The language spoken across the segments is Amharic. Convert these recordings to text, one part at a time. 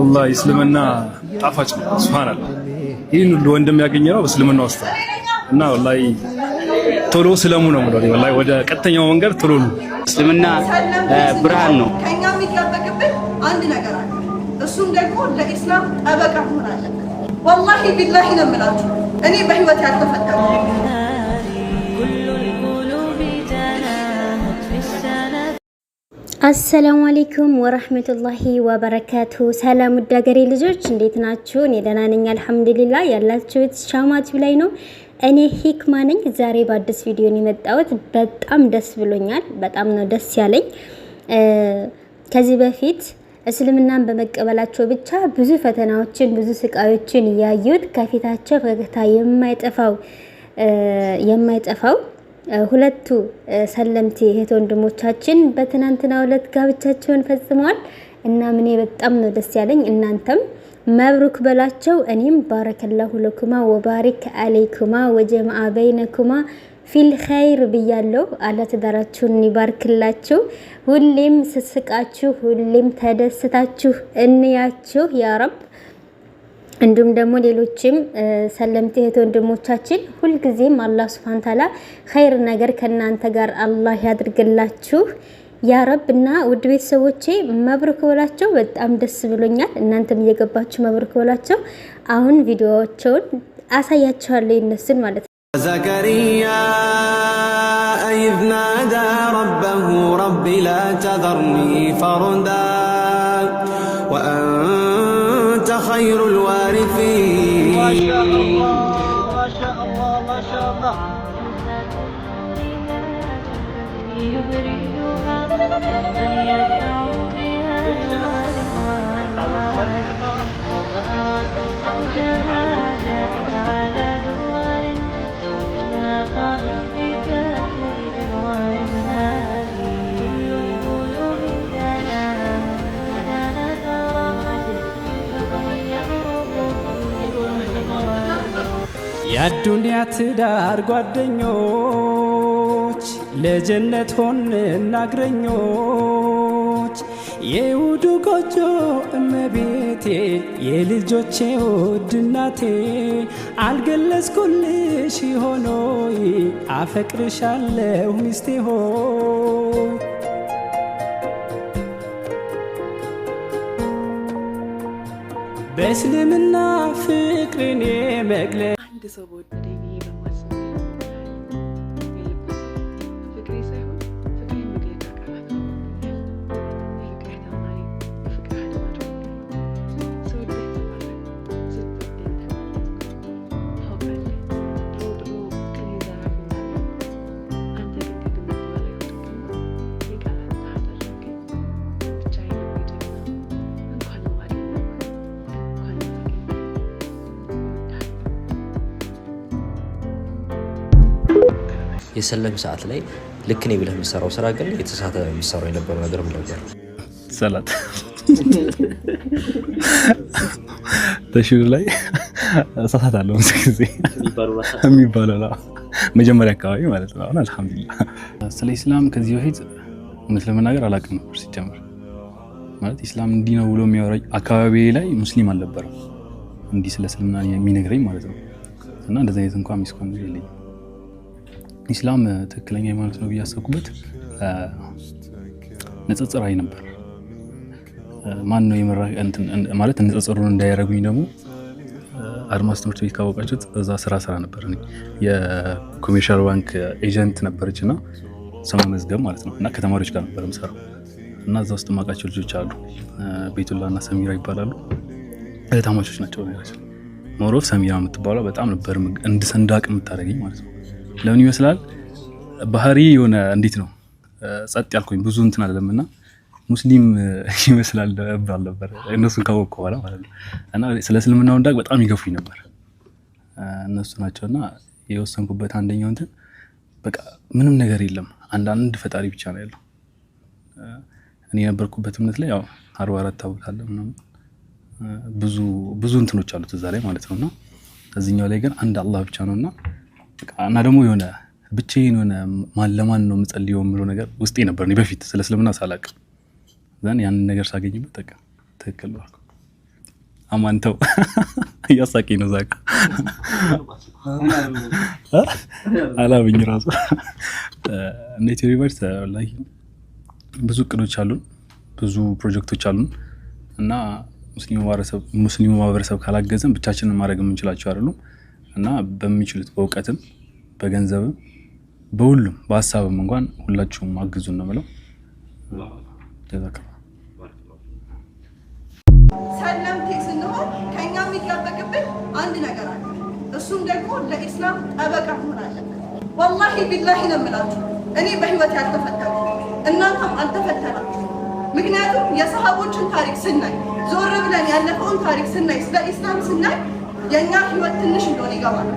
አላህ እስልምና ጣፋጭ ነው። ሱብሃንአላህ ይህን ሁሉ ወንድም ያገኘ ነው እስልምና ውስጥ እና ወላሂ ቶሎ ስለሙ ነው ማለት ወላሂ ወደ ቀጥተኛው መንገድ ቶሎ ነው። እስልምና ብርሃን ነው። ከኛ የሚጠበቅብን አንድ ነገር አለ። እሱም ደግሞ ለኢስላም ጠበቃ መሆን አለበት። ወላሂ ቢላሂ ነው የምላችሁ እኔ በህይወት አሰላሙ አሌይኩም ወረህመቱላሂ ወበረካቱ። ሰላም ውድ አገሬ ልጆች እንዴት ናችሁ? እኔ ደህና ነኝ አልሐምዱሊላ። ያላችሁት ሻማችሁ ላይ ነው። እኔ ሂክማ ነኝ። ዛሬ በአዲስ ቪዲዮ ነው የመጣሁት። በጣም ደስ ብሎኛል። በጣም ነው ደስ ያለኝ። ከዚህ በፊት እስልምናን በመቀበላቸው ብቻ ብዙ ፈተናዎችን ብዙ ስቃዮችን እያዩት ከፊታቸው ፈገግታ የማይጠፋው የማይጠፋው ሁለቱ ሰለምቴ እህት ወንድሞቻችን በትናንትና ሁለት ጋብቻቸውን ፈጽመዋል እና ምን በጣም ነው ደስ ያለኝ። እናንተም መብሩክ በላቸው። እኔም ባረከላሁ ለኩማ ወባሪክ አለይኩማ ወጀማአ በይነኩማ ፊል ኸይር ብያለሁ። አላህ ይባርክላችሁ። ሁሌም ስስቃችሁ፣ ሁሌም ተደስታችሁ እንያችሁ ያረብ እንዲሁም ደግሞ ሌሎችም ሰለምት እህት ወንድሞቻችን ሁልጊዜም አላህ ሱብሃነሁ ተዓላ ኸይር ነገር ከእናንተ ጋር አላህ ያድርግላችሁ ያ ረብ እና ውድ ቤተሰቦቼ መብርክ በላቸው። በጣም ደስ ብሎኛል። እናንተም እየገባችሁ መብርክ በላቸው። አሁን ቪዲዮዎቸውን አሳያችኋለሁ ይነስን ማለት ነው። ዘከሪያ ኢዝ ናዳ ረበሁ ረቢ ላ ተዘርኒ ፈርዳ خير الوارثين ما شاء الله ما شاء الله ما شاء الله ለዱንያ ትዳር ጓደኞች ለጀነት ሆን እናግረኞች የውዱ ጎጆ እመቤቴ የልጆቼ ውድ እናቴ አልገለጽኩልሽ ሆኖይ አፈቅርሻለሁ ሚስቴ ሆ በእስልምና ፍቅርን የመግለ ቤተሰቦች የሰለም ሰዓት ላይ ልክ እኔ ብለህ የምሰራው ስራ ግን የተሳተ የሚሰራው የነበረው ነገር ምን ነበር? ሰላት ተሽሉ ላይ እሳሳት አለው ብዙ ጊዜ የሚባለው ነው። መጀመሪያ አካባቢ ማለት ነው። አሁን አልሐምዱሊላ ስለ ኢስላም ከዚህ በፊት እውነት ለመናገር አላውቅም ነበር ሲጀምር ማለት ኢስላም እንዲህ ነው ብሎ የሚያወራኝ አካባቢ ላይ ሙስሊም አልነበረም እንዲህ ስለ እስልምና የሚነግረኝ ማለት ነው። እና እንደዚህ አይነት እንኳ ሚስኮን የለኝም ኢስላም ትክክለኛ ሃይማኖት ነው ብያሰብኩበት ያሰብኩበት አይ ነበር። ማን ነው ማለት ንጽጽሩን እንዳያረጉኝ ደግሞ አድማስ ትምህርት ቤት ካወቃችሁት እዛ ስራ ስራ ነበር። የኮሜርሻል ባንክ ኤጀንት ነበረች እና ስመ መዝገብ ማለት ነው እና ከተማሪዎች ጋር ነበር ምሰራ እና እዛ ውስጥ ማቃቸው ልጆች አሉ። ቤቱላ እና ሰሚራ ይባላሉ። እህታማቾች ናቸው። ሞሮፍ ሰሚራ የምትባሏ በጣም ነበር እንድሰንዳቅ የምታደረገኝ ማለት ነው ለምን ይመስላል ባህሪ የሆነ እንዴት ነው ጸጥ ያልኩኝ ብዙ እንትን አለምና ሙስሊም ይመስላል እባል ነበር እነሱን ካወቅኩ በኋላ ማለት ነው። እና ስለ እስልምናው በጣም ይገፉኝ ነበር እነሱ ናቸውና የወሰንኩበት አንደኛው እንትን በቃ ምንም ነገር የለም አንዳንድ ፈጣሪ ብቻ ነው ያለው። እኔ የነበርኩበት እምነት ላይ ያው አርባ አራት ታቦታለ ምናምን ብዙ ብዙ እንትኖች አሉት እዛ ላይ ማለት እና እዚህኛው ላይ ግን አንድ አላህ ብቻ ነው እና። እና ደግሞ የሆነ ብቻዬን የሆነ ማን ለማን ነው የምጸልየው የምለው ነገር ውስጤ ነበር እኔ በፊት ስለ እስልምና ሳላቅ ዘን ያንን ነገር ሳገኝበት ጠቀ ትክክል ነው አማንተው እያሳቂ ነው ዛ አላብኝ ራሱ እና ኢትዮ ሪቨርስ ላይ ብዙ እቅዶች አሉን፣ ብዙ ፕሮጀክቶች አሉን እና ሙስሊሙ ማህበረሰብ ካላገዘን ብቻችንን ማድረግ የምንችላቸው አይደሉም። እና በሚችሉት በእውቀትም በገንዘብም በሁሉም በሀሳብም እንኳን ሁላችሁም አግዙ ነው ብለው ሰለምቴ ስንሆን ከኛ የሚጠበቅብን አንድ ነገር አለ። እሱም ደግሞ ለኢስላም ጠበቃ መሆን አለበት። ወላሂ ቢላሂ ነው የምላችሁ እኔ በህይወት ያልተፈተኑ እናንተም አልተፈተናችሁ። ምክንያቱም የሰሃቦችን ታሪክ ስናይ ዞር ብለን ያለፈውን ታሪክ ስናይ ስለ ኢስላም ስናይ የእኛ ህይወት ትንሽ እንደሆነ ይገባል።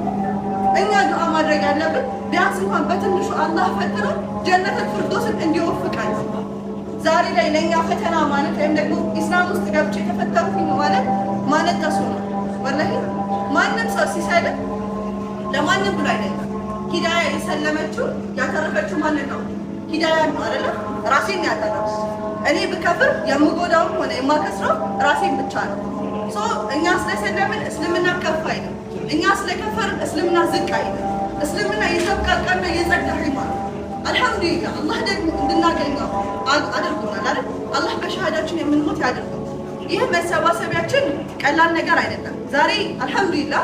እኛ ዱዓ ማድረግ ያለብን ቢያንስ እንኳን በትንሹ አላህ ፈጥሮ ጀነትን ፍርዶስን እንዲወፍቀን። ዛሬ ላይ ለእኛ ፈተና ማለት ወይም ደግሞ ኢስላም ውስጥ ገብቼ የተፈተንኩኝ ማለት ማለት ተሱ ነው። ወላሂ ማንም ሰው ሲሰልም ለማንም ብሎ አይደለም። ሂዳያ የሰለመችው ያተረፈችው ማንን ነው? ሂዳያ ነው አይደለም። ራሴን ያጠረስ እኔ ብከፍር የምጎዳውም ሆነ የማከስረው ራሴን ብቻ ነው። እኛ ስለሰለምን እስልምና ከፍ አይልም። እኛ ስለከፈርን እስልምና ዝቅ አይልም። እስልምና የተብቃቃና የጸዳ ሃይማኖት አልሐምዱሊላ። አላህ ደግሞ እንድናገኘው አድርጎናል አይደል? አላህ በሻሃዳችን የምንሞት ያድርገው። ይህ መሰባሰቢያችን ቀላል ነገር አይደለም። ዛሬ አልሐምዱሊላ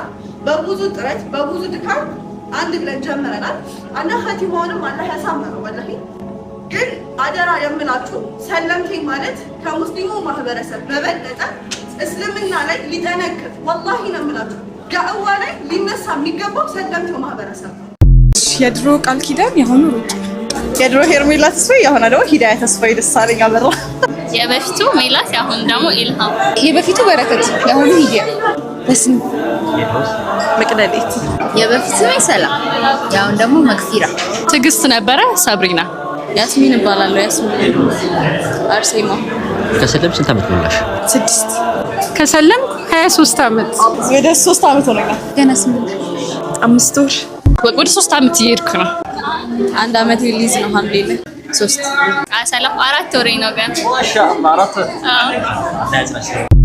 በብዙ ጥረት በብዙ ድካም አንድ ብለን ጀምረናል። አና ኸቲማውንም አላህ ያሳመረው ወላሂ። ግን አደራ የምላችሁ ሰለምቴ ማለት ከሙስሊሙ ማህበረሰብ በበለጠ እስልምና ላይ ሊጠነቅፍ ወላሂ ነው የምላችሁ ዳዕዋ ላይ ሊነሳ የሚገባው ሰለምቴው ማህበረሰብ የድሮ ቃል ኪዳን የአሁኑ የድሮ ሄርሜላ ተስፋዬ የአሁኗ ደግሞ ሂዳያ ተስፋዬ ደሳለኝ አበራ። የበፊቱ ሜላት የአሁኑ ደግሞ ኢልሃም። የበፊቱ በረከት የአሁኑ ሂዳያ በስም መቅደሌት። የበፊቱ ሰላም የአሁኑ ደግሞ መግፊራ። ትዕግስት ነበረ ሰብሪና ያስሚን እባላለሁ። ያስሚን አርሴማ። ከሰለም ስንት ዓመት ሞላሽ? ስድስት ከሰለም 23 ዓመት ወደ 3 ዓመት ሆነኛል። ገና ስምንት አምስት ወር ወደ 3 ዓመት እየሄድኩ ነው። አንድ ዓመት ሊዝ ነው ሐምሌ ላይ ሶስት ሰላም አራት ወሬ ነው ገና አራት